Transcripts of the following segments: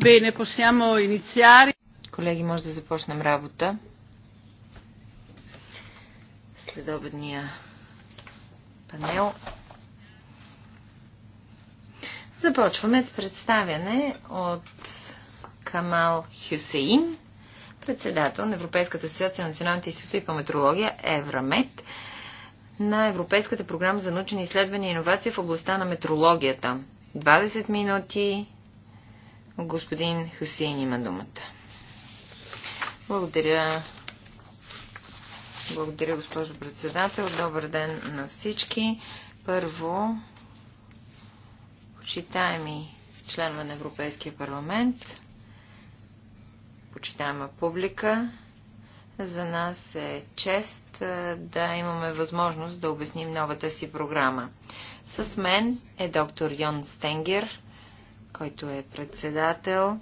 Bene, possiamo iniziare. Колеги, може да започнем работа. Следобедния панел. Започваме с представяне от Камал Хюсеин, председател на Европейската асоциация на националните институти по метрология Еврамет на Европейската програма за научни изследвания и иновации в областта на метрологията. 20 минути. Господин Хусейн има думата. Благодаря. Благодаря, госпожо председател. Добър ден на всички. Първо, почитаеми членове на Европейския парламент, почитаема публика, за нас е чест да имаме възможност да обясним новата си програма. С мен е доктор Йон Стенгер, който е председател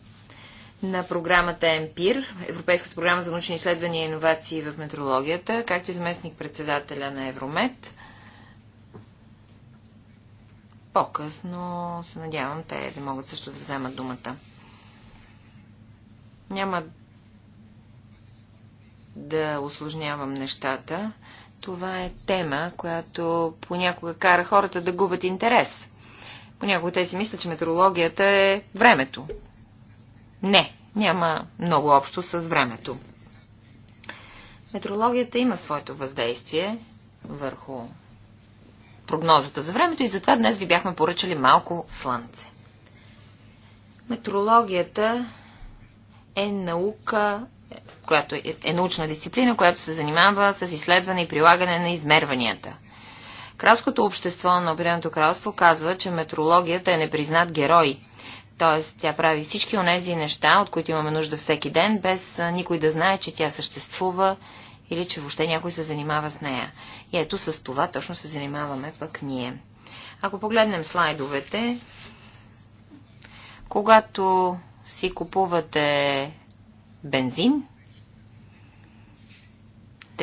на програмата ЕМПИР, Европейската програма за научни изследвания и иновации в метрологията, както и заместник председателя на Евромет. По-късно се надявам те да могат също да вземат думата. Няма да осложнявам нещата. Това е тема, която понякога кара хората да губят интерес. Понякога те си мислят, че метеорологията е времето. Не, няма много общо с времето. Метрологията има своето въздействие върху прогнозата за времето и затова днес ви бяхме поръчали малко слънце. Метрологията е наука която е, е научна дисциплина, която се занимава с изследване и прилагане на измерванията. Кралското общество на Обединеното кралство казва, че метрологията е непризнат герой. Т.е. тя прави всички онези неща, от които имаме нужда всеки ден, без никой да знае, че тя съществува или че въобще някой се занимава с нея. И ето с това точно се занимаваме пък ние. Ако погледнем слайдовете, когато си купувате бензин,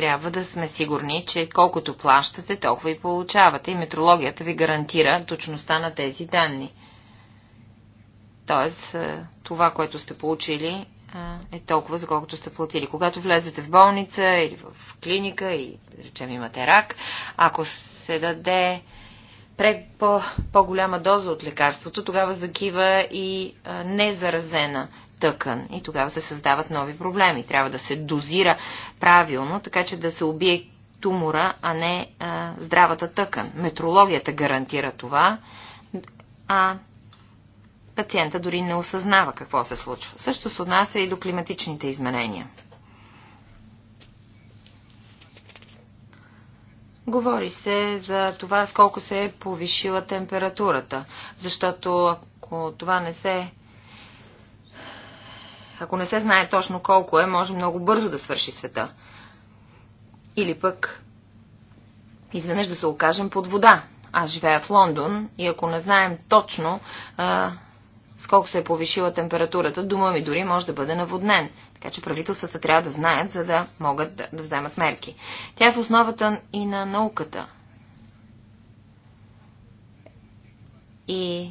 трябва да сме сигурни, че колкото плащате, толкова и получавате. И метрологията ви гарантира точността на тези данни. Тоест, е, това, което сте получили, е, е толкова, за колкото сте платили. Когато влезете в болница или в клиника и, речем, имате рак, ако се даде пре по, по-голяма доза от лекарството, тогава закива и а, незаразена тъкан и тогава се създават нови проблеми. Трябва да се дозира правилно, така че да се убие тумора, а не а, здравата тъкан. Метрологията гарантира това, а пациента дори не осъзнава какво се случва. Също се отнася и до климатичните изменения. Говори се за това с колко се е повишила температурата, защото ако това не се ако не се знае точно колко е, може много бързо да свърши света. Или пък изведнъж да се окажем под вода. Аз живея в Лондон и ако не знаем точно а, Сколко се е повишила температурата, дума ми дори може да бъде наводнен. Така че правителствата трябва да знаят, за да могат да, да вземат мерки. Тя е в основата и на науката. И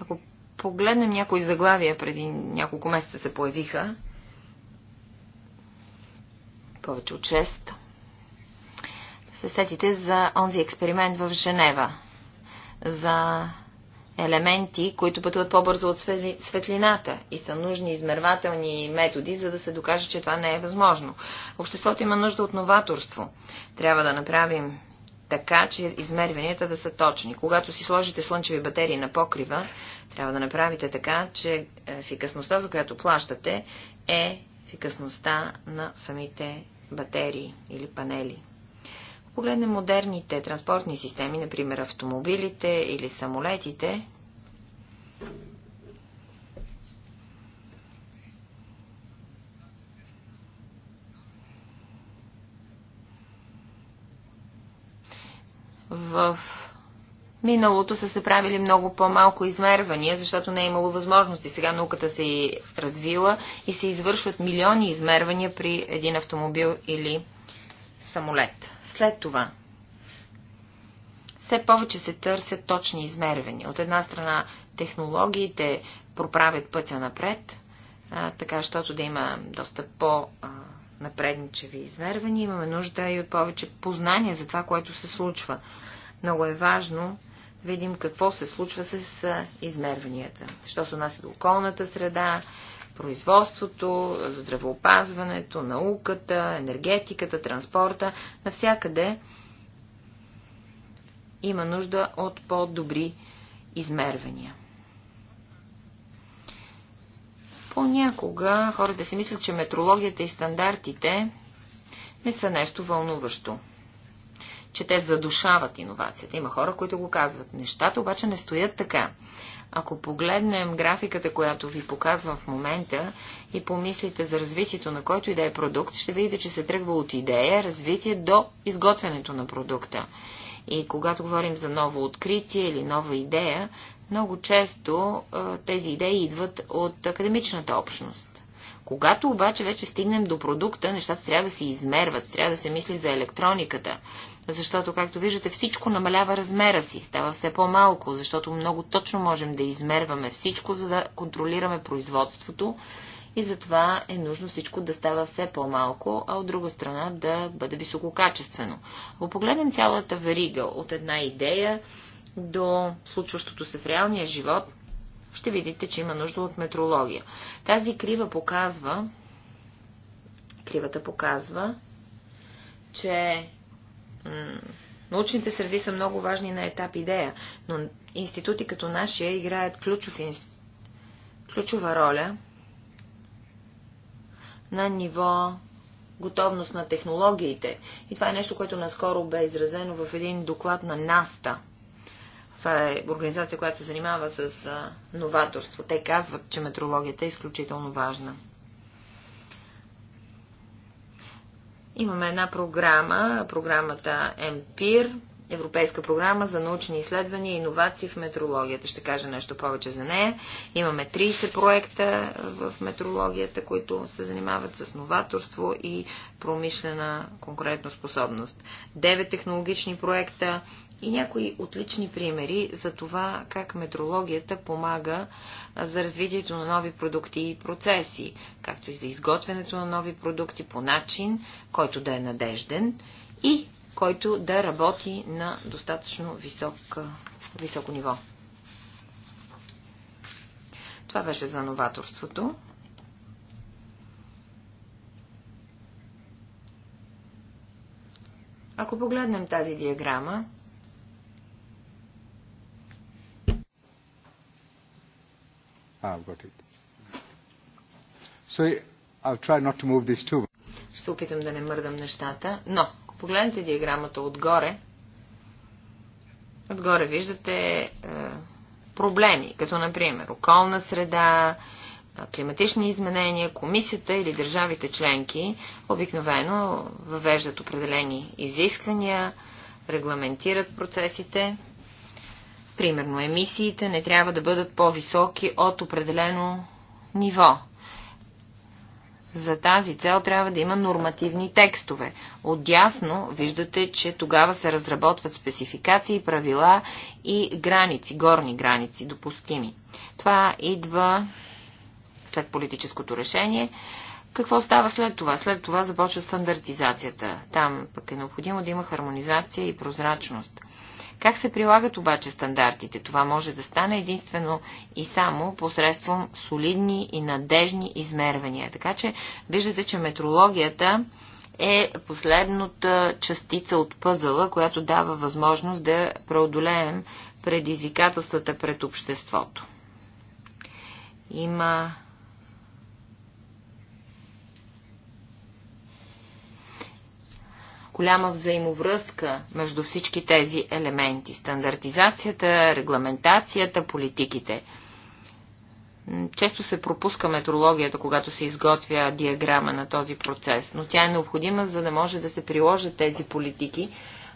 ако погледнем някои заглавия, преди няколко месеца се появиха, повече от 6, се сетите за онзи експеримент в Женева, за елементи, които пътуват по-бързо от светлината и са нужни измервателни методи, за да се докаже, че това не е възможно. Обществото има нужда от новаторство. Трябва да направим така, че измерванията да са точни. Когато си сложите слънчеви батерии на покрива, трябва да направите така, че ефикасността, за която плащате, е ефикасността на самите батерии или панели погледнем модерните транспортни системи, например автомобилите или самолетите, в миналото са се правили много по-малко измервания, защото не е имало възможности. Сега науката се е развила и се извършват милиони измервания при един автомобил или самолет. След това, все повече се търсят точни измервания. От една страна технологиите проправят пътя напред, а, така, щото да има доста по- напредничеви измервания, имаме нужда и от повече познание за това, което се случва. Много е важно да видим какво се случва с измерванията. Що се отнася до околната среда, производството, здравеопазването, науката, енергетиката, транспорта, навсякъде има нужда от по-добри измервания. Понякога хората си мислят, че метрологията и стандартите не са нещо вълнуващо че те задушават иновацията. Има хора, които го казват. Нещата обаче не стоят така. Ако погледнем графиката, която ви показвам в момента и помислите за развитието на който и да е продукт, ще видите, че се тръгва от идея, развитие до изготвянето на продукта. И когато говорим за ново откритие или нова идея, много често тези идеи идват от академичната общност. Когато обаче вече стигнем до продукта, нещата трябва да се измерват, трябва да се мисли за електрониката, защото, както виждате, всичко намалява размера си, става все по-малко, защото много точно можем да измерваме всичко, за да контролираме производството и затова е нужно всичко да става все по-малко, а от друга страна да бъде висококачествено. Ако погледнем цялата верига от една идея до случващото се в реалния живот – ще видите, че има нужда от метрология. Тази крива показва, кривата показва, че научните среди са много важни на етап идея, но институти като нашия играят ключов инст... ключова роля на ниво готовност на технологиите. И това е нещо, което наскоро бе изразено в един доклад на НАСТА – това е организация, която се занимава с новаторство. Те казват, че метрологията е изключително важна. Имаме една програма, програмата МПИР, Европейска програма за научни изследвания и иновации в метрологията. Ще кажа нещо повече за нея. Имаме 30 проекта в метрологията, които се занимават с новаторство и промишлена конкурентоспособност. 9 технологични проекта, и някои отлични примери за това как метрологията помага за развитието на нови продукти и процеси, както и за изготвянето на нови продукти по начин, който да е надежден и който да работи на достатъчно висок, високо ниво. Това беше за новаторството. Ако погледнем тази диаграма, Ah, I've got it. So I'll try not to move this too. Ще се опитам да не мърдам нещата, но ако погледнете диаграмата отгоре, отгоре виждате е, проблеми, като например околна среда, е, климатични изменения, комисията или държавите членки обикновено въвеждат определени изисквания, регламентират процесите Примерно, емисиите не трябва да бъдат по-високи от определено ниво. За тази цел трябва да има нормативни текстове. Отдясно виждате, че тогава се разработват спецификации, правила и граници, горни граници, допустими. Това идва след политическото решение. Какво става след това? След това започва стандартизацията. Там пък е необходимо да има хармонизация и прозрачност. Как се прилагат обаче стандартите? Това може да стане единствено и само посредством солидни и надежни измервания. Така че виждате, че метрологията е последната частица от пъзъла, която дава възможност да преодолеем предизвикателствата пред обществото. Има голяма взаимовръзка между всички тези елементи – стандартизацията, регламентацията, политиките. Често се пропуска метрологията, когато се изготвя диаграма на този процес, но тя е необходима, за да може да се приложат тези политики,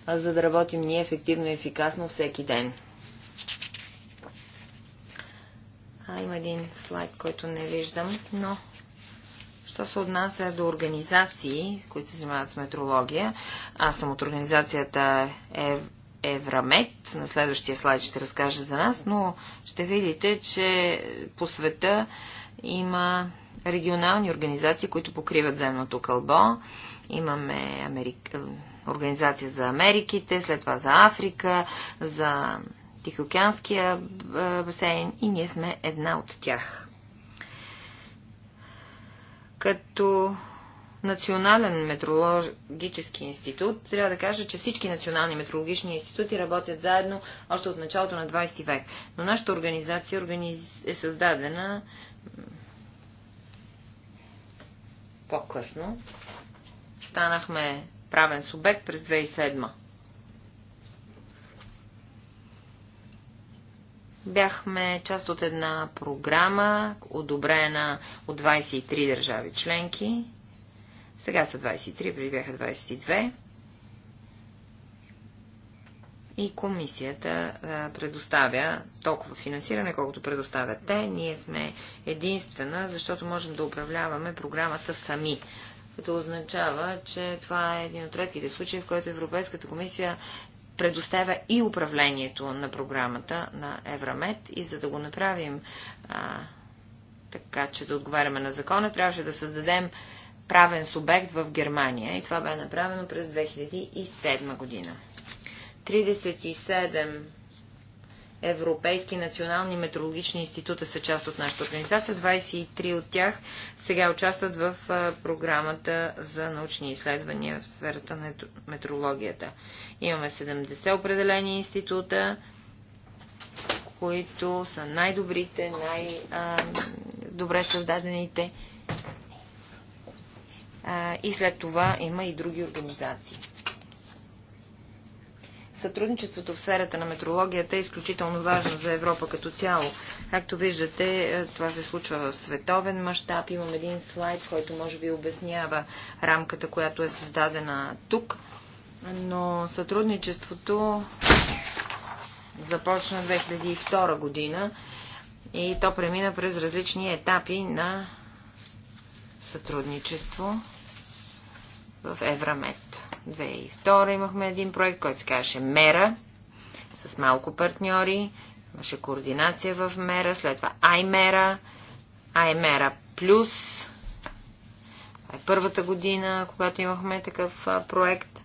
за да работим ние ефективно и ефикасно всеки ден. А, има един слайд, който не виждам, но Що се отнася до организации, които се занимават с метрология, аз съм от организацията Ев... Еврамет. На следващия слайд ще разкажа за нас, но ще видите, че по света има регионални организации, които покриват земното кълбо. Имаме Америк... Организация за Америките, след това за Африка, за Тихоокеанския басейн и ние сме една от тях. Като Национален метрологически институт, трябва да кажа, че всички национални метрологични институти работят заедно още от началото на 20 век. Но нашата организация е създадена по-късно. Станахме правен субект през 2007. Бяхме част от една програма, одобрена от 23 държави членки. Сега са 23, преди бяха 22. И комисията предоставя толкова финансиране, колкото предоставят те. Ние сме единствена, защото можем да управляваме програмата сами като означава, че това е един от редките случаи, в който Европейската комисия предоставя и управлението на програмата на Еврамет и за да го направим а, така, че да отговаряме на закона, трябваше да създадем правен субект в Германия и това бе направено през 2007 година. 37 европейски национални метрологични института са част от нашата организация. 23 от тях сега участват в програмата за научни изследвания в сферата на метрологията. Имаме 70 определени института, които са най-добрите, най-добре създадените. И след това има и други организации. Сътрудничеството в сферата на метрологията е изключително важно за Европа като цяло. Както виждате, е, това се случва в световен мащаб. Имам един слайд, който може би обяснява рамката, която е създадена тук. Но сътрудничеството започна 2002 година и то премина през различни етапи на сътрудничество в Еврамет. 2002 имахме един проект, който се казваше Мера, с малко партньори. Имаше координация в Мера, след това Аймера, Аймера Плюс. Това е първата година, когато имахме такъв проект.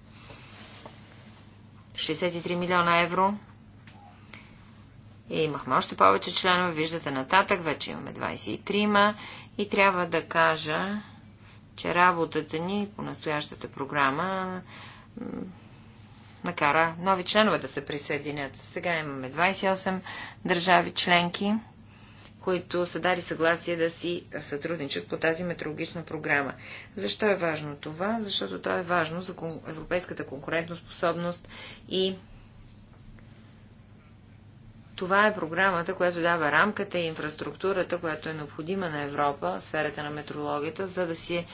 63 милиона евро. И имахме още повече членове, виждате нататък, вече имаме 23 и трябва да кажа, че работата ни по настоящата програма накара нови членове да се присъединят. Сега имаме 28 държави членки, които са дали съгласие да си сътрудничат по тази метрологична програма. Защо е важно това? Защото това е важно за европейската конкурентоспособност и това е програмата, която дава рамката и инфраструктурата, която е необходима на Европа, сферата на метрологията, за да си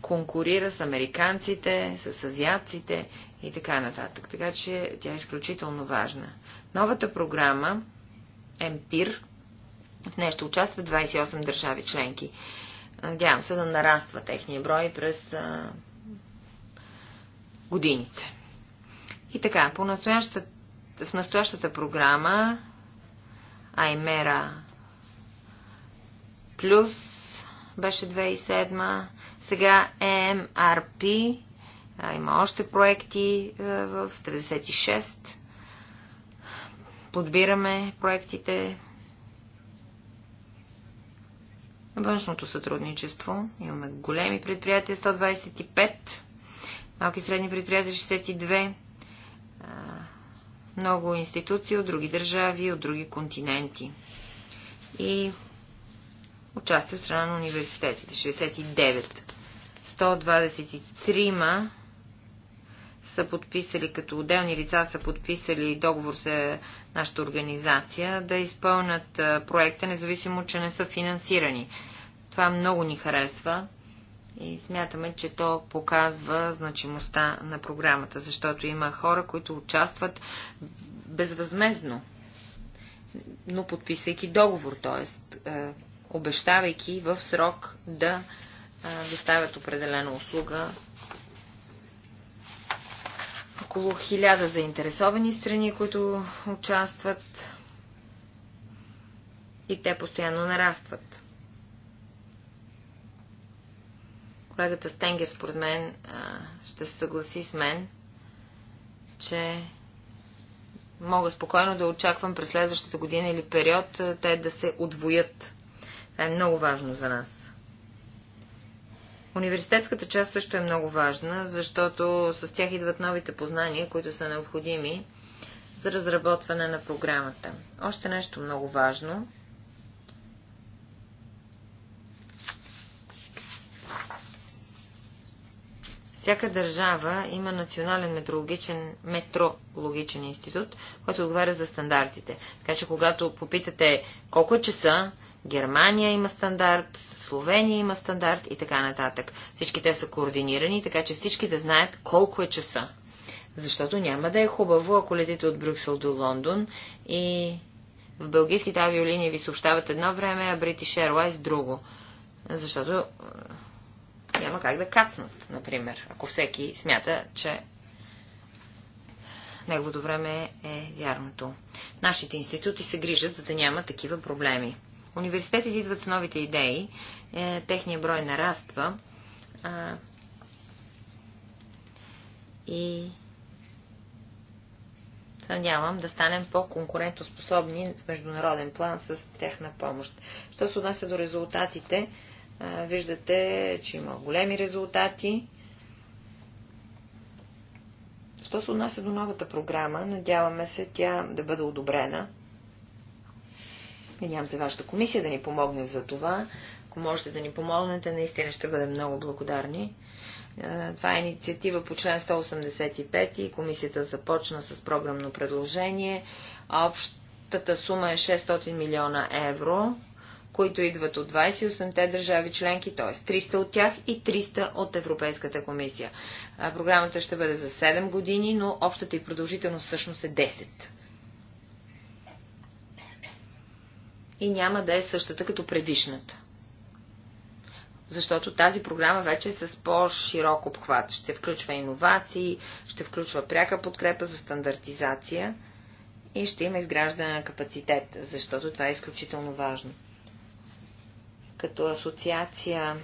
конкурира с американците, с азиатците и така нататък. Така че тя е изключително важна. Новата програма МПИР, в нещо участват 28 държави членки. Надявам се да нараства техния брой през а, годините. И така, по настоящата, в настоящата програма Аймера плюс беше 2007. Сега MRP. Е има още проекти в 96. Подбираме проектите. Външното сътрудничество. Имаме големи предприятия 125, малки и средни предприятия 62 много институции от други държави, от други континенти. И участие от страна на университетите. 69. 123 са подписали, като отделни лица са подписали договор с нашата организация, да изпълнят проекта, независимо, че не са финансирани. Това много ни харесва. И смятаме, че то показва значимостта на програмата, защото има хора, които участват безвъзмезно, но подписвайки договор, т.е. обещавайки в срок да е, доставят определена услуга около хиляда заинтересовани страни, които участват и те постоянно нарастват. колегата Стенгер, според мен, ще се съгласи с мен, че мога спокойно да очаквам през следващата година или период те да се отвоят. Това е много важно за нас. Университетската част също е много важна, защото с тях идват новите познания, които са необходими за разработване на програмата. Още нещо много важно Всяка държава има национален метрологичен, метрологичен институт, който отговаря за стандартите. Така че, когато попитате колко е часа, Германия има стандарт, Словения има стандарт и така нататък. Всички те са координирани, така че всички да знаят колко е часа. Защото няма да е хубаво, ако летите от Брюксел до Лондон и в бългийските авиолинии ви съобщават едно време, а British Airways друго. Защото няма как да кацнат, например, ако всеки смята, че неговото време е вярното. Нашите институти се грижат, за да няма такива проблеми. Университетите идват с новите идеи, е, техния брой нараства а, и надявам да станем по-конкурентоспособни в международен план с техна помощ. Що се отнася до резултатите, Виждате, че има големи резултати. Що се отнася до новата програма, надяваме се тя да бъде одобрена. Надявам се вашата комисия да ни помогне за това. Ако можете да ни помогнете, наистина ще бъдем много благодарни. Това е инициатива по член 185 и комисията започна с програмно предложение. Общата сума е 600 милиона евро които идват от 28-те държави членки, т.е. 300 от тях и 300 от Европейската комисия. Програмата ще бъде за 7 години, но общата и продължителност всъщност е 10. И няма да е същата като предишната защото тази програма вече е с по-широк обхват. Ще включва иновации, ще включва пряка подкрепа за стандартизация и ще има изграждане на капацитет, защото това е изключително важно като асоциация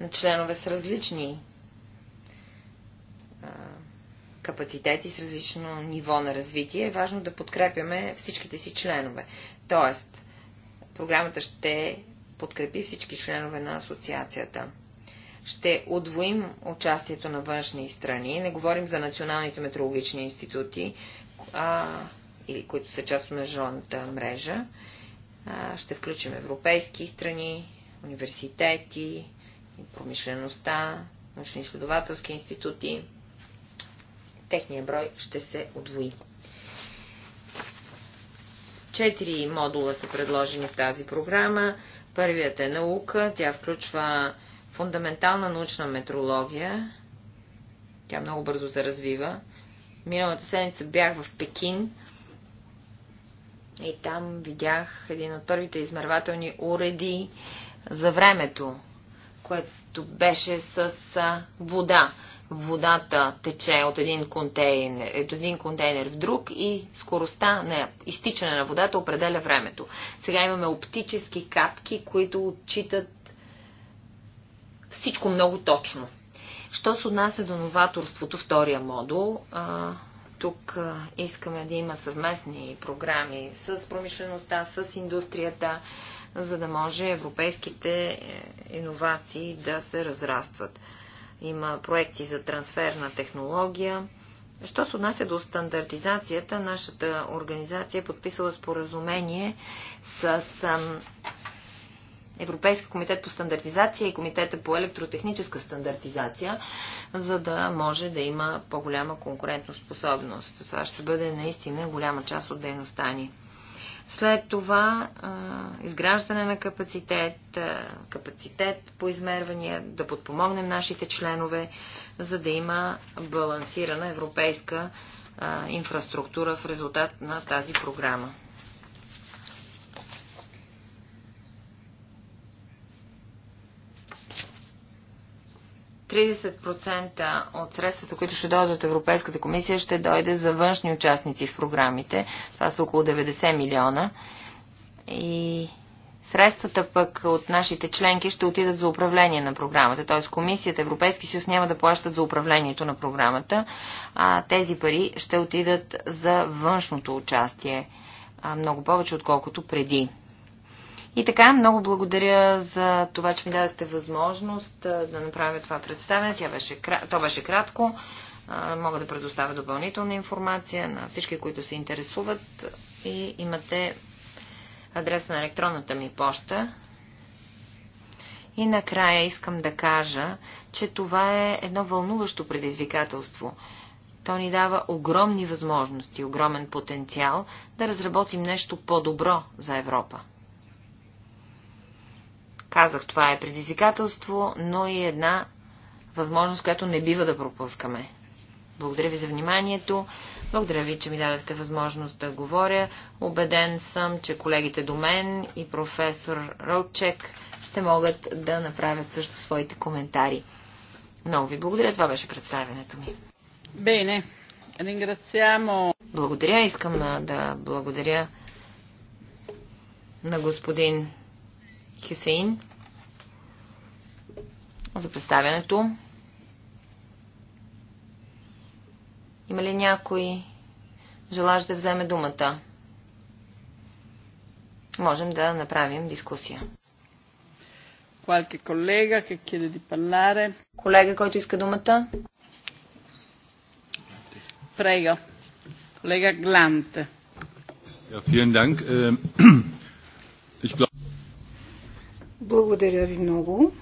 на членове с различни капацитети, с различно ниво на развитие, е важно да подкрепяме всичките си членове. Тоест, програмата ще подкрепи всички членове на асоциацията. Ще удвоим участието на външни страни. Не говорим за националните метеорологични институти, а, или които са част от международната мрежа. Ще включим европейски страни, университети, промишлеността, научно-изследователски институти. Техния брой ще се отвои. Четири модула са предложени в тази програма. Първият е наука. Тя включва фундаментална научна метрология. Тя много бързо се развива. Миналата седмица бях в Пекин и там видях един от първите измервателни уреди за времето, което беше с вода. Водата тече от един контейнер, от един контейнер в друг и скоростта на изтичане на водата определя времето. Сега имаме оптически капки, които отчитат всичко много точно. Що се отнася до новаторството, втория модул, тук искаме да има съвместни програми с промишлеността, с индустрията, за да може европейските е, иновации да се разрастват. Има проекти за трансферна технология. Що се отнася до стандартизацията, нашата организация е подписала споразумение с Европейски комитет по стандартизация и Комитета по електротехническа стандартизация, за да може да има по-голяма конкурентоспособност. Това ще бъде наистина голяма част от дейността ни. След това изграждане на капацитет, капацитет по измервания, да подпомогнем нашите членове, за да има балансирана европейска инфраструктура в резултат на тази програма. 30% от средствата, които ще дойдат от Европейската комисия, ще дойде за външни участници в програмите. Това са около 90 милиона. И средствата пък от нашите членки ще отидат за управление на програмата. Т.е. Комисията Европейски съюз няма да плащат за управлението на програмата, а тези пари ще отидат за външното участие много повече, отколкото преди. И така, много благодаря за това, че ми дадахте възможност да направя това представяне. Тя беше, то беше кратко. Мога да предоставя допълнителна информация на всички, които се интересуват и имате адреса на електронната ми поща. И накрая искам да кажа, че това е едно вълнуващо предизвикателство. То ни дава огромни възможности, огромен потенциал да разработим нещо по-добро за Европа. Казах, това е предизвикателство, но и една възможност, която не бива да пропускаме. Благодаря ви за вниманието. Благодаря ви, че ми дадахте възможност да говоря. Обеден съм, че колегите до мен и професор Ролчек ще могат да направят също своите коментари. Много ви благодаря. Това беше представянето ми. Бейне. Ringraziamo. Благодаря. Искам да благодаря на господин Хюсейн за представянето. Има ли някой желаж да вземе думата? Можем да направим дискусия. Qualche collega che chiede di parlare. Колега, който иска думата? Prego. Колега Гланте. Ja, vielen Dank. Äh, ich glaube благодаря ви много.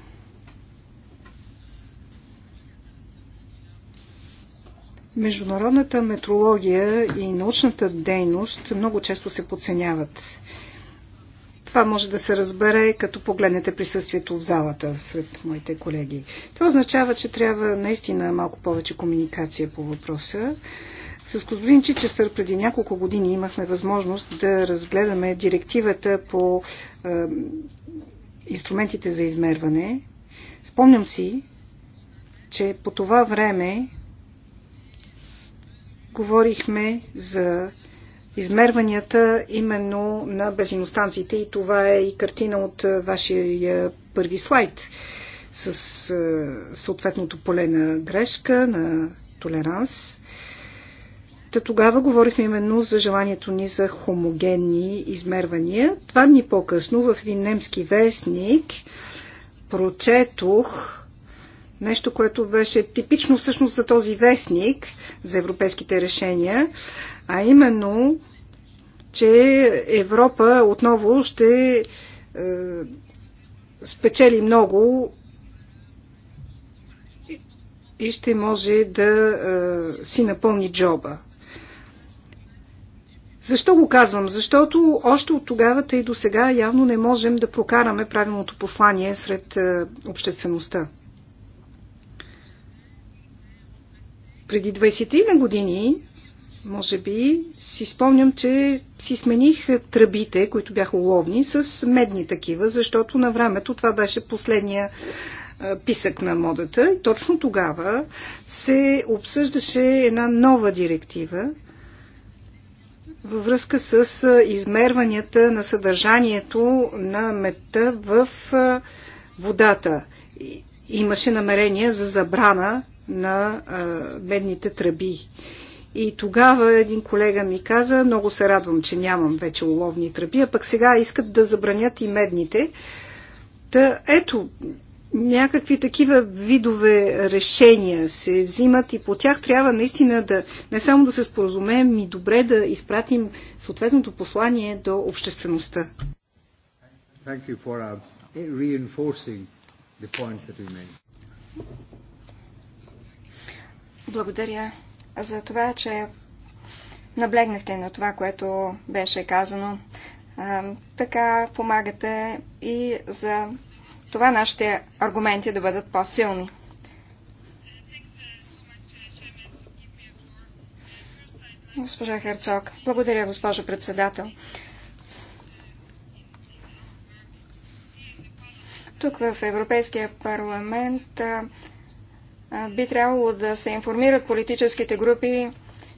Международната метрология и научната дейност много често се подценяват. Това може да се разбере, като погледнете присъствието в залата сред моите колеги. Това означава, че трябва наистина малко повече комуникация по въпроса. С господин Чичестър преди няколко години имахме възможност да разгледаме директивата по инструментите за измерване, спомням си, че по това време говорихме за измерванията именно на бензиностанциите и това е и картина от вашия първи слайд с съответното поле на грешка, на толеранс. Та тогава говорихме именно за желанието ни за хомогенни измервания. Два дни по-късно в един немски вестник прочетох нещо, което беше типично всъщност за този вестник, за европейските решения, а именно, че Европа отново ще е, спечели много и ще може да е, си напълни джоба. Защо го казвам? Защото още от тогава, и до сега явно не можем да прокараме правилното послание сред е, обществеността. Преди 20 на години, може би, си спомням, че си смених тръбите, които бяха уловни, с медни такива, защото на времето това беше последния е, писък на модата. И точно тогава се обсъждаше една нова директива – във връзка с измерванията на съдържанието на мета в водата. Имаше намерение за забрана на медните тръби. И тогава един колега ми каза, много се радвам, че нямам вече уловни тръби, а пък сега искат да забранят и медните. Та ето, някакви такива видове решения се взимат и по тях трябва наистина да не само да се споразумеем, и добре да изпратим съответното послание до обществеността. Uh, Благодаря за това, че наблегнахте на това, което беше казано. Така помагате и за това нашите аргументи да бъдат по-силни. Госпожа Херцог. Благодаря, госпожо председател. Тук в Европейския парламент а, а, би трябвало да се информират политическите групи,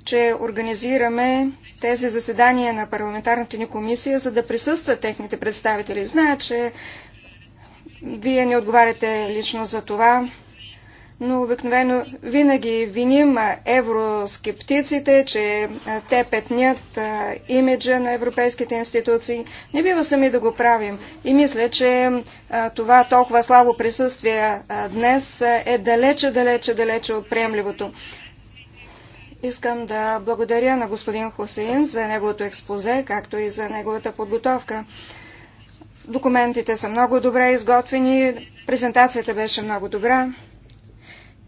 че организираме тези заседания на парламентарната ни комисия, за да присъстват техните представители. Знаят, че вие не отговаряте лично за това, но обикновено винаги виним евроскептиците, че те петнят имиджа на европейските институции. Не бива сами да го правим. И мисля, че това толкова слабо присъствие днес е далече, далече, далече от приемливото. Искам да благодаря на господин Хусейн за неговото експозе, както и за неговата подготовка. Документите са много добре изготвени, презентацията беше много добра.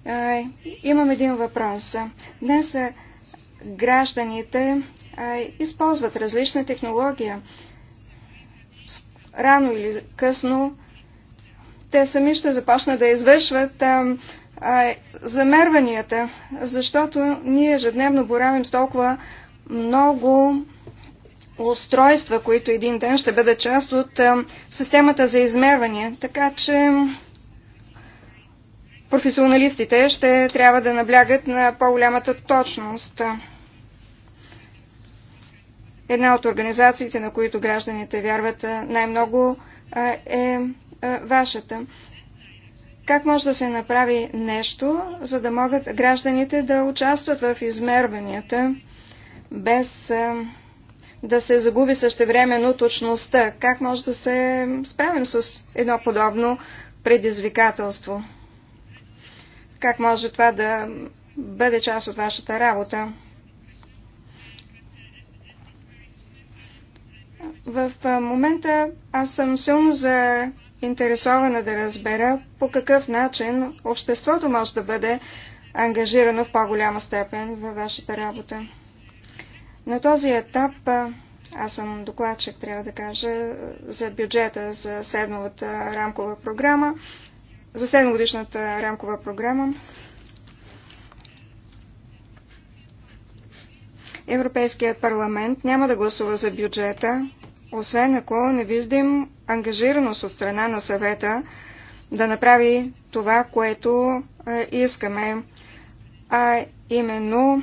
Е, имам един въпрос. Днес е, гражданите е, използват различна технология. Рано или късно те сами ще започнат да извършват замерванията, защото ние ежедневно боравим с толкова много устройства, които един ден ще бъдат част от системата за измерване. Така че професионалистите ще трябва да наблягат на по-голямата точност. Една от организациите, на които гражданите вярват най-много, е вашата. Как може да се направи нещо, за да могат гражданите да участват в измерванията без да се загуби същевременно точността. Как може да се справим с едно подобно предизвикателство? Как може това да бъде част от вашата работа? В момента аз съм силно заинтересована да разбера по какъв начин обществото може да бъде ангажирано в по-голяма степен във вашата работа. На този етап аз съм докладчик, трябва да кажа, за бюджета за седмовата рамкова програма, за седмогодишната рамкова програма. Европейският парламент няма да гласува за бюджета, освен ако не видим ангажираност от страна на съвета да направи това, което искаме, а именно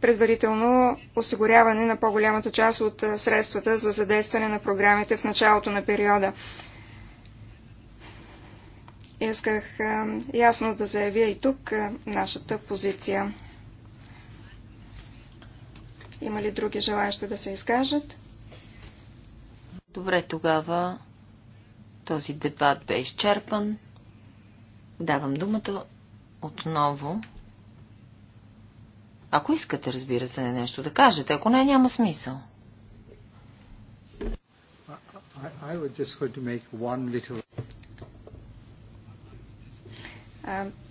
предварително осигуряване на по-голямата част от средствата за задействане на програмите в началото на периода. Исках ясно да заявя и тук нашата позиция. Има ли други желаящи да се изкажат? Добре, тогава този дебат бе изчерпан. Давам думата отново ако искате, разбира се, нещо да кажете. Ако не, няма смисъл.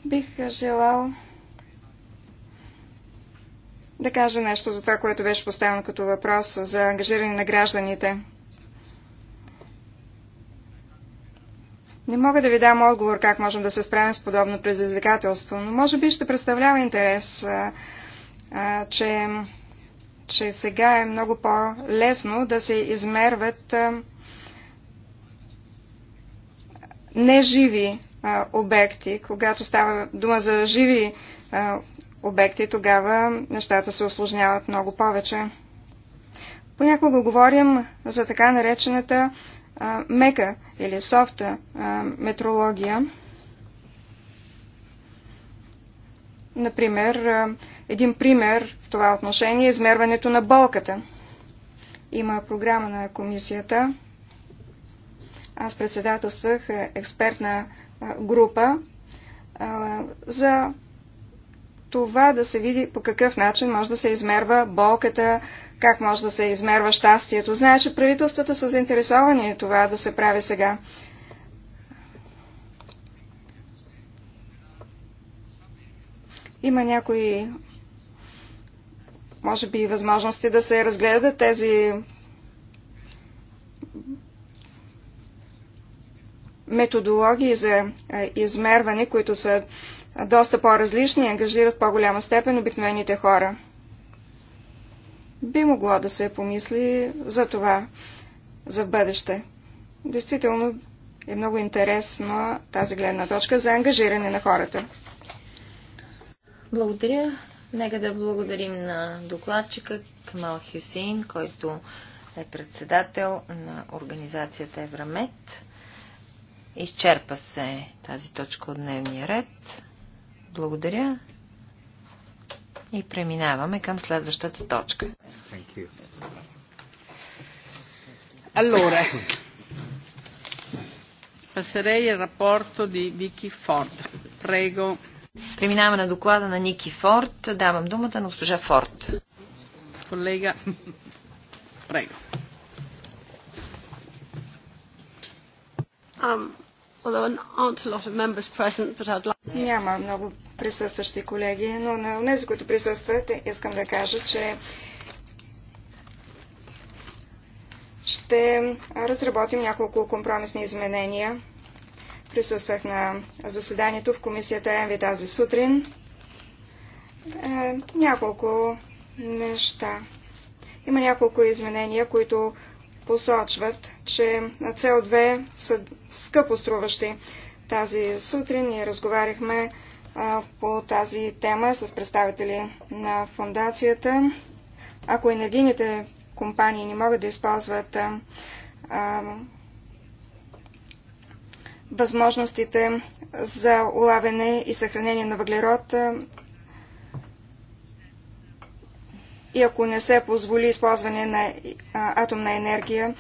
бих желал да кажа нещо за това, което беше поставено като въпрос за ангажиране на гражданите. Не мога да ви дам отговор как можем да се справим с подобно предизвикателство, но може би ще представлява интерес че, че сега е много по-лесно да се измерват неживи обекти. Когато става дума за живи обекти, тогава нещата се осложняват много повече. Понякога говорим за така наречената мека или софта метрология. Например, един пример в това отношение е измерването на болката. Има програма на комисията. Аз председателствах експертна група за това да се види по какъв начин може да се измерва болката, как може да се измерва щастието. Знаеш, че правителствата са заинтересовани това да се прави сега. Има някои, може би, възможности да се разгледат тези методологии за е, измерване, които са доста по-различни и ангажират по-голяма степен обикновените хора. Би могло да се помисли за това за бъдеще. Действително е много интересна тази гледна точка за ангажиране на хората. Благодаря. Нека да благодарим на докладчика Камал Хюсейн, който е председател на организацията Еврамет. Изчерпа се тази точка от дневния ред. Благодаря. И преминаваме към следващата точка. Allora, passerei al rapporto di Vicky Ford. Prego. Преминаваме на доклада на Ники Форд. Давам думата на госпожа Форд. Колега, прего. Um, Няма много присъстващи колеги, но на тези, които присъстват, искам да кажа, че ще разработим няколко компромисни изменения Присъствах на заседанието в комисията МВ тази сутрин. Е, няколко неща. Има няколко изменения, които посочват, че на цел 2 са скъпо струващи. Тази сутрин ние разговаряхме е, по тази тема с представители на фундацията. Ако енергийните компании не могат да използват е, е, възможностите за улавяне и съхранение на въглерод и ако не се позволи използване на атомна енергия,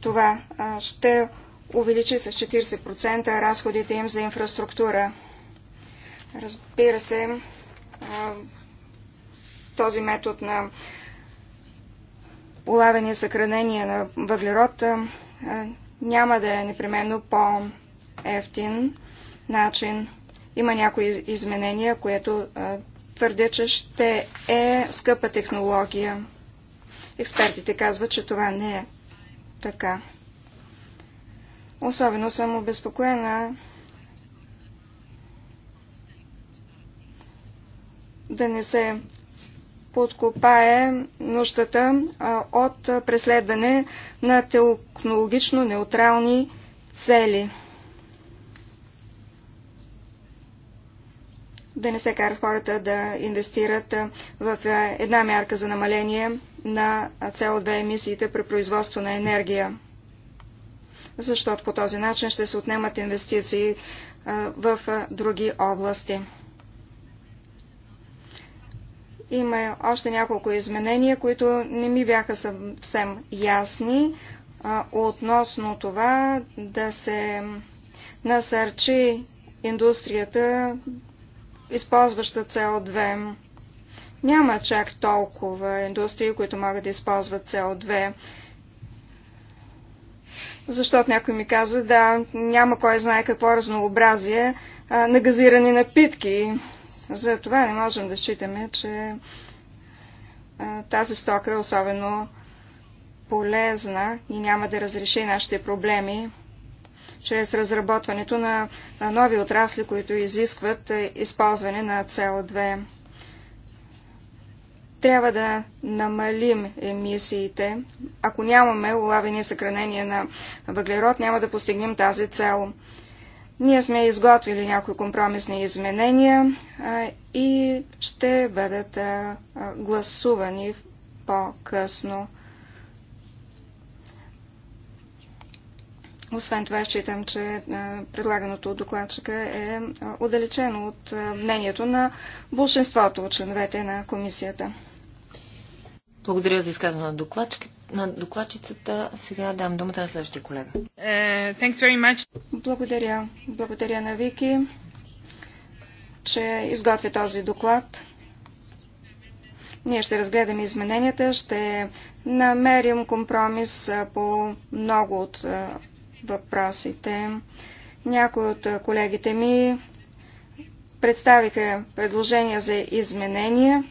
това ще увеличи с 40% разходите им за инфраструктура. Разбира се, този метод на улавяне и съхранение на въглерод няма да е непременно по ефтин начин. Има някои изменения, което твърде, че ще е скъпа технология. Експертите казват, че това не е така. Особено съм обезпокоена да не се подкопае нуждата от преследване на технологично неутрални цели. да не се карат хората да инвестират в една мярка за намаление на CO2 емисиите при производство на енергия. Защото по този начин ще се отнемат инвестиции в други области. Има още няколко изменения, които не ми бяха съвсем ясни относно това да се насърчи индустрията използваща CO2. Няма чак толкова индустрии, които могат да използват CO2. Защото някой ми каза, да, няма кой знае какво разнообразие а, на газирани напитки. За това не можем да считаме, че а, тази стока е особено полезна и няма да разреши нашите проблеми чрез разработването на нови отрасли, които изискват е, използване на CO2. Трябва да намалим емисиите. Ако нямаме улавени съхранения на въглерод, няма да постигнем тази цел. Ние сме изготвили някои компромисни изменения и ще бъдат гласувани по-късно. Освен това, считам, че е, предлаганото от докладчика е, е отдалечено от е, мнението на большинството от членовете на комисията. Благодаря за изказване на, на докладчицата. Сега дам думата на следващия колега. Uh, Благодаря. Благодаря на Вики, че изготвя този доклад. Ние ще разгледаме измененията, ще намерим компромис по много от въпросите. Някои от колегите ми представиха предложения за изменения.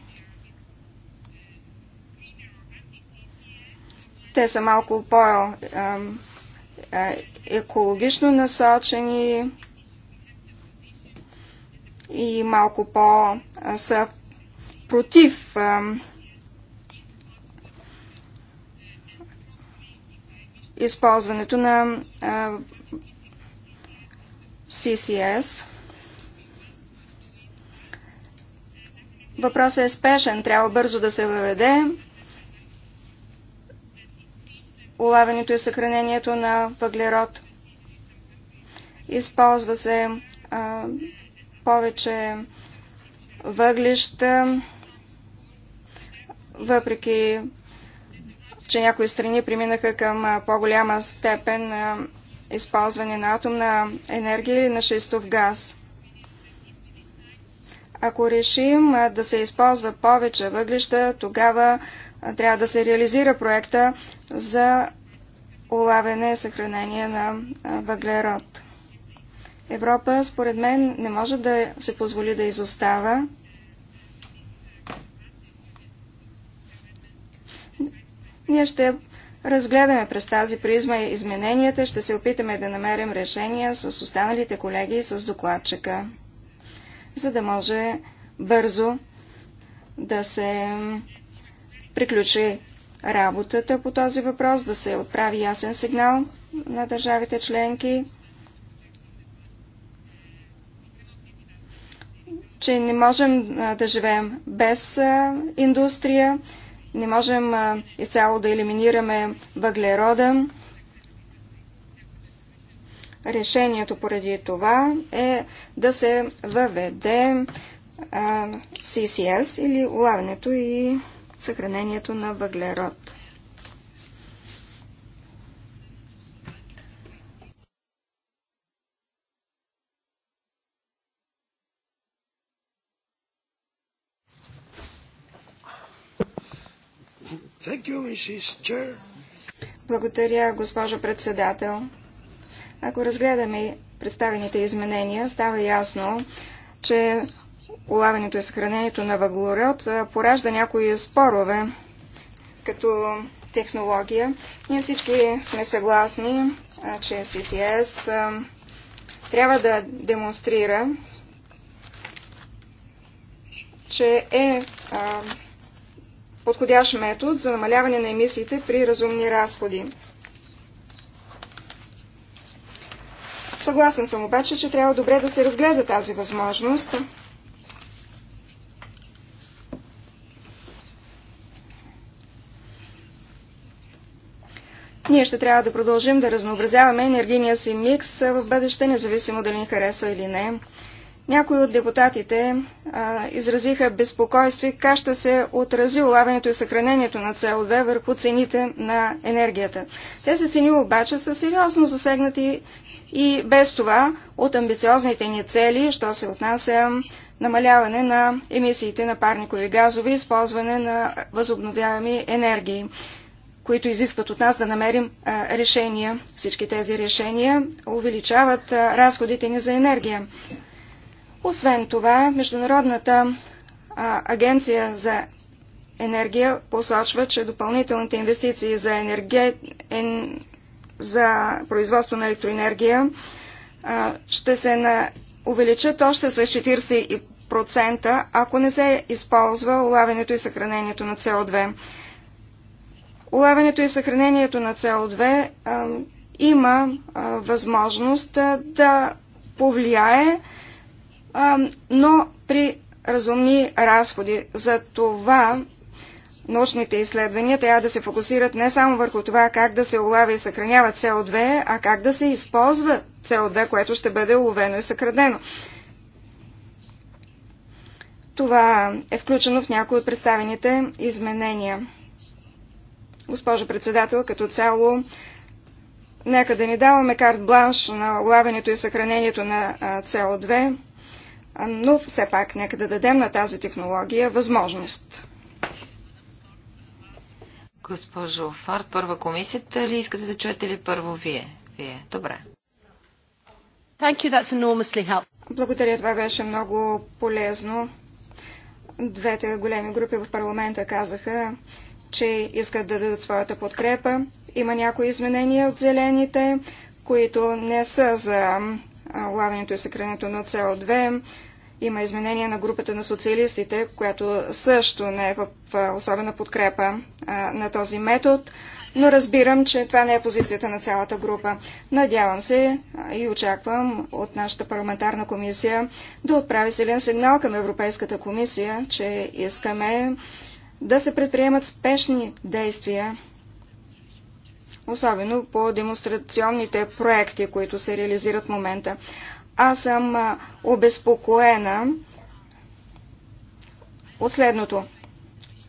Те са малко по-екологично насочени и малко по-са против използването на CCS. Въпросът е спешен, трябва бързо да се въведе. Улавянето и съхранението на въглерод. Използва се а, повече въглища, въпреки че някои страни преминаха към по-голяма степен на използване на атомна енергия или на шестов газ. Ако решим да се използва повече въглища, тогава трябва да се реализира проекта за улавяне и съхранение на въглерод. Европа, според мен, не може да се позволи да изостава. Ние ще разгледаме през тази призма и измененията, ще се опитаме да намерим решения с останалите колеги и с докладчика, за да може бързо да се приключи работата по този въпрос, да се отправи ясен сигнал на държавите членки, че не можем да живеем без индустрия не можем изцяло да елиминираме въглерода. Решението поради това е да се въведе CCS или улавянето и съхранението на въглерод. Благодаря, госпожо председател. Ако разгледаме представените изменения, става ясно, че улавянето и съхранението на въглород поражда някои спорове като технология. Ние всички сме съгласни, че CCS трябва да демонстрира, че е подходящ метод за намаляване на емисиите при разумни разходи. Съгласен съм обаче, че трябва добре да се разгледа тази възможност. Ние ще трябва да продължим да разнообразяваме енергийния си микс в бъдеще, независимо дали ни харесва или не. Някои от депутатите а, изразиха безпокойство и как ще се отрази улавянето и съхранението на CO2 върху цените на енергията. Тези цени обаче са сериозно засегнати и без това от амбициозните ни цели, що се отнася намаляване на емисиите на парникови газове и използване на възобновяеми енергии които изискват от нас да намерим а, решения. Всички тези решения увеличават а, разходите ни за енергия. Освен това, Международната агенция за енергия посочва, че допълнителните инвестиции за, енергия, ен... за производство на електроенергия а, ще се на... увеличат още с 40%, ако не се използва улавянето и съхранението на со 2 Улавянето и съхранението на со 2 а, има а, възможност да повлияе но при разумни разходи. За това научните изследвания трябва да се фокусират не само върху това как да се улавя и съхранява со 2 а как да се използва со 2 което ще бъде уловено и съкрадено. Това е включено в някои от представените изменения. Госпожо председател, като цяло, нека да ни даваме карт бланш на улавянето и съхранението на CO2 но все пак нека да дадем на тази технология възможност. Госпожо Фарт, първа комисията ли искате да чуете ли първо вие? Вие. Добре. Thank you, that's enormously helpful. Благодаря, това беше много полезно. Двете големи групи в парламента казаха, че искат да дадат своята подкрепа. Има някои изменения от зелените, които не са за лавянето и съкрането на CO2, има изменение на групата на социалистите, която също не е в особена подкрепа на този метод, но разбирам, че това не е позицията на цялата група. Надявам се и очаквам от нашата парламентарна комисия да отправи силен сигнал към Европейската комисия, че искаме да се предприемат спешни действия, особено по демонстрационните проекти, които се реализират в момента. Аз съм обезпокоена от следното.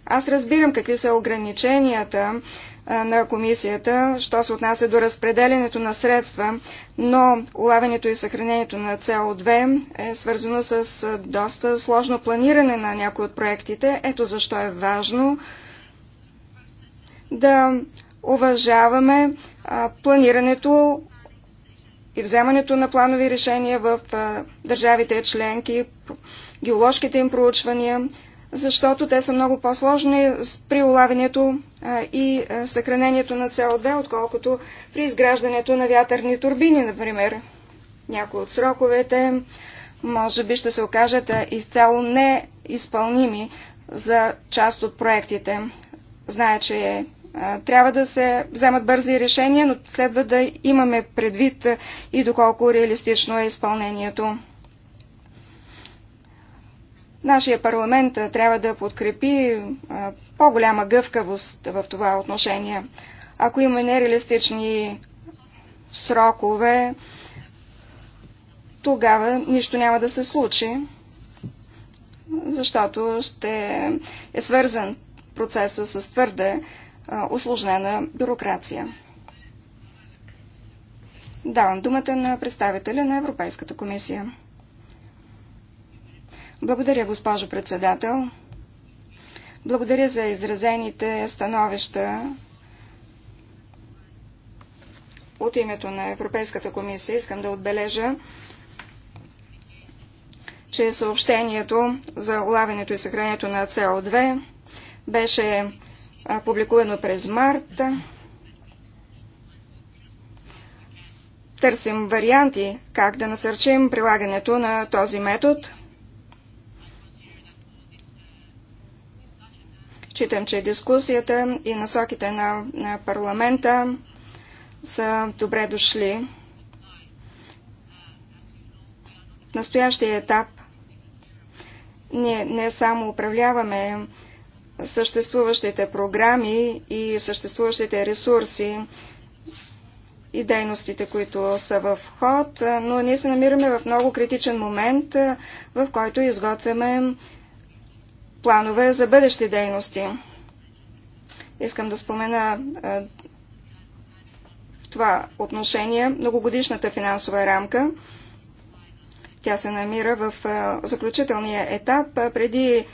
Аз разбирам какви са ограниченията на комисията, що се отнася до разпределенето на средства, но улавянето и съхранението на CO2 е свързано с доста сложно планиране на някои от проектите. Ето защо е важно да уважаваме планирането и вземането на планови решения в държавите членки, геоложките им проучвания, защото те са много по-сложни при улавянето и съхранението на CO2, отколкото при изграждането на вятърни турбини, например. Някои от сроковете може би ще се окажат изцяло неизпълними за част от проектите. Зная, че е трябва да се вземат бързи решения, но следва да имаме предвид и доколко реалистично е изпълнението. Нашия парламент трябва да подкрепи по-голяма гъвкавост в това отношение. Ако има нереалистични срокове, тогава нищо няма да се случи, защото ще е свързан процеса с твърде усложнена бюрокрация. Давам думата на представителя на Европейската комисия. Благодаря, госпожо председател. Благодаря за изразените становища от името на Европейската комисия. Искам да отбележа, че съобщението за улавянето и съхранението на CO2 беше публикувано през марта. Търсим варианти как да насърчим прилагането на този метод. Читам, че дискусията и насоките на, на парламента са добре дошли. В настоящия етап ние не само управляваме съществуващите програми и съществуващите ресурси и дейностите, които са в ход, но ние се намираме в много критичен момент, в който изготвяме планове за бъдещи дейности. Искам да спомена в това отношение многогодишната финансова рамка. Тя се намира в заключителния етап преди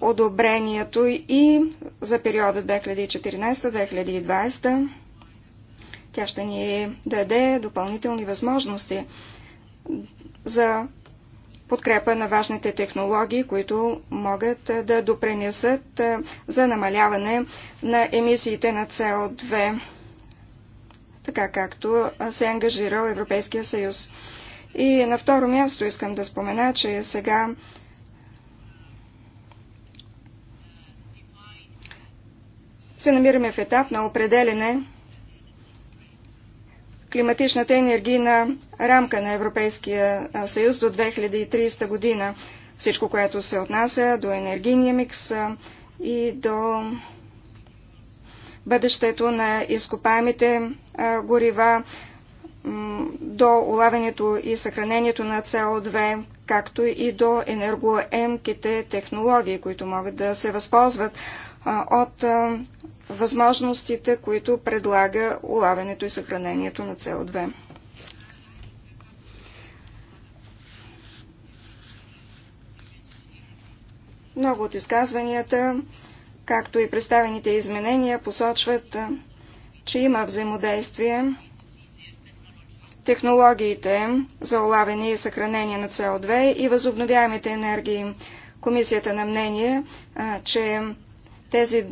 одобрението и за периода 2014-2020. Тя ще ни даде допълнителни възможности за подкрепа на важните технологии, които могат да допренесат за намаляване на емисиите на СО2, така както се е ангажирал Европейския съюз. И на второ място искам да спомена, че сега се намираме в етап на определене климатичната енергийна рамка на Европейския съюз до 2030 година. Всичко, което се отнася до енергийния микс и до бъдещето на изкопаемите горива, до улавянето и съхранението на CO2, както и до енергоемките технологии, които могат да се възползват от възможностите, които предлага улавянето и съхранението на CO2. Много от изказванията, както и представените изменения, посочват, че има взаимодействие технологиите за улавяне и съхранение на CO2 и възобновяемите енергии. Комисията на мнение, че тези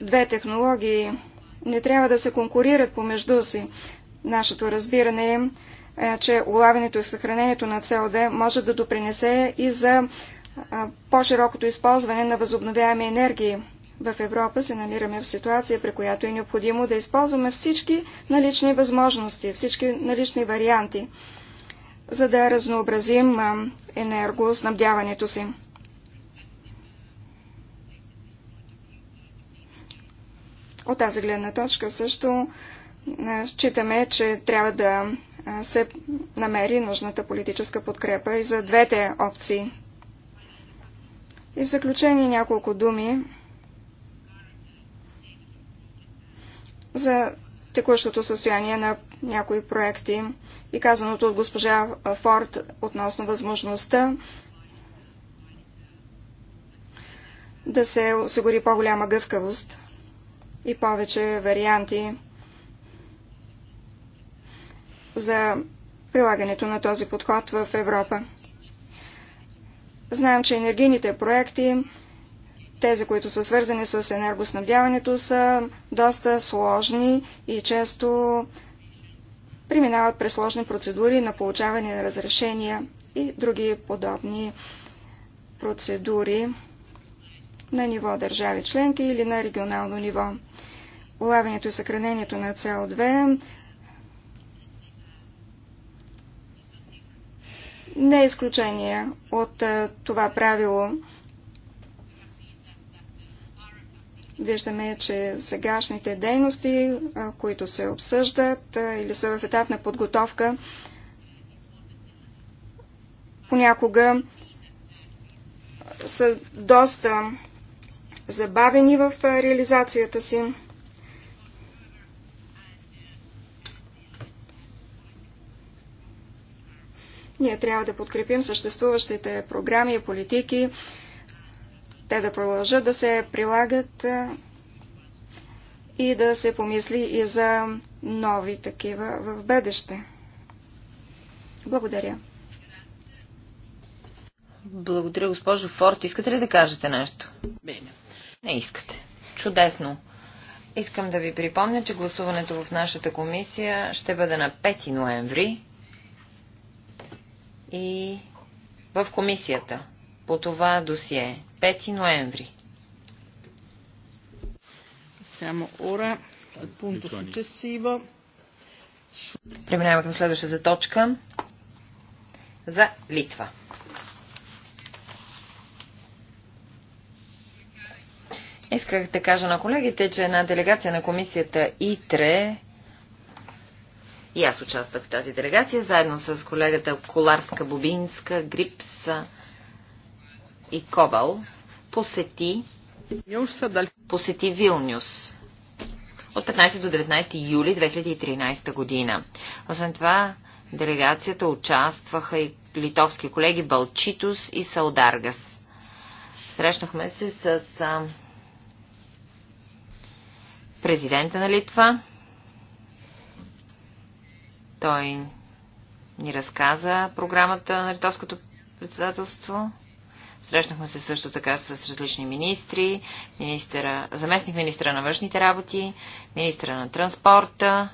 две технологии не трябва да се конкурират помежду си. Нашето разбиране е, е че улавянето и съхранението на СО 2 може да допринесе и за по-широкото използване на възобновяеми енергии. В Европа се намираме в ситуация, при която е необходимо да използваме всички налични възможности, всички налични варианти, за да разнообразим енергоснабдяването си. От тази гледна точка също считаме, че трябва да се намери нужната политическа подкрепа и за двете опции. И в заключение няколко думи за текущото състояние на някои проекти и казаното от госпожа Форд относно възможността да се осигури по-голяма гъвкавост и повече варианти за прилагането на този подход в Европа. Знаем, че енергийните проекти, тези, които са свързани с енергоснабдяването, са доста сложни и често преминават през сложни процедури на получаване на разрешения и други подобни процедури на ниво държави членки или на регионално ниво. Улавянето и съхранението на CO2 не е изключение от това правило. Виждаме, че сегашните дейности, които се обсъждат или са в етап на подготовка, понякога са доста забавени в реализацията си. Ние трябва да подкрепим съществуващите програми и политики, те да продължат да се прилагат и да се помисли и за нови такива в бъдеще. Благодаря. Благодаря, госпожо Форт. Искате ли да кажете нещо? Бене. Не искате. Чудесно. Искам да ви припомня, че гласуването в нашата комисия ще бъде на 5 ноември и в комисията по това досие. 5 ноември. Само ура Пункто punto successivo. Преминаваме към следващата точка за Литва. Исках да кажа на колегите, че една делегация на комисията ИТРЕ и аз участвах в тази делегация, заедно с колегата Коларска, Бобинска, Грипс и Кобал, посети, посети Вилнюс от 15 до 19 юли 2013 година. Освен това, делегацията участваха и литовски колеги Балчитус и Саударгас. Срещнахме се с президента на Литва. Той ни разказа програмата на литовското председателство. Срещнахме се също така с различни министри, министъра, заместник министра на външните работи, министра на транспорта,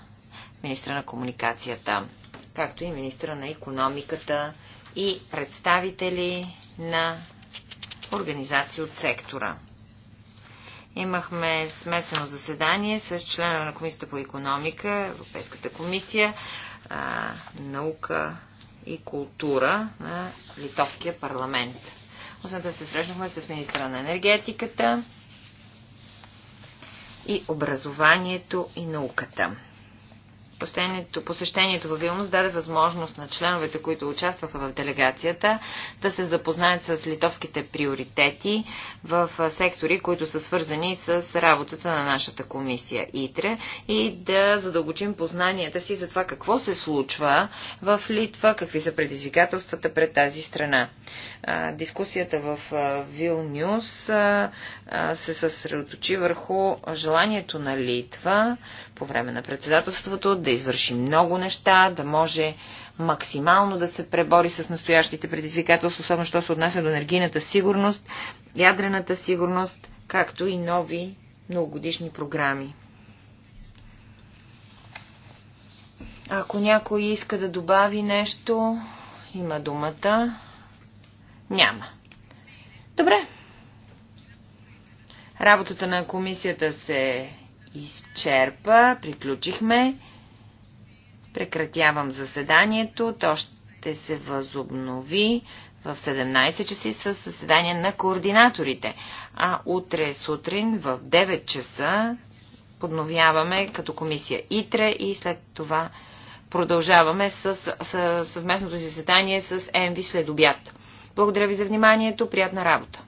министра на комуникацията, както и министра на економиката и представители на организации от сектора. Имахме смесено заседание с члена на Комисията по економика, Европейската комисия, а, наука и култура на Литовския парламент. Освен това се срещнахме с министра на енергетиката и образованието и науката. Посещението, посещението във Вилнус даде възможност на членовете, които участваха в делегацията, да се запознаят с литовските приоритети в сектори, които са свързани с работата на нашата комисия ИТРЕ и да задълбочим познанията си за това какво се случва в Литва, какви са предизвикателствата пред тази страна. Дискусията в Вилнюс се съсредоточи върху желанието на Литва по време на председателството да извърши много неща, да може максимално да се пребори с настоящите предизвикателства, особено що се отнася до енергийната сигурност, ядрената сигурност, както и нови многогодишни програми. Ако някой иска да добави нещо, има думата. Няма. Добре. Работата на комисията се изчерпа. Приключихме. Прекратявам заседанието. То ще се възобнови в 17 часа с заседание на координаторите. А утре сутрин в 9 часа подновяваме като комисия ИТРЕ и след това продължаваме с, с съвместното заседание с МВ след обяд. Благодаря ви за вниманието. Приятна работа!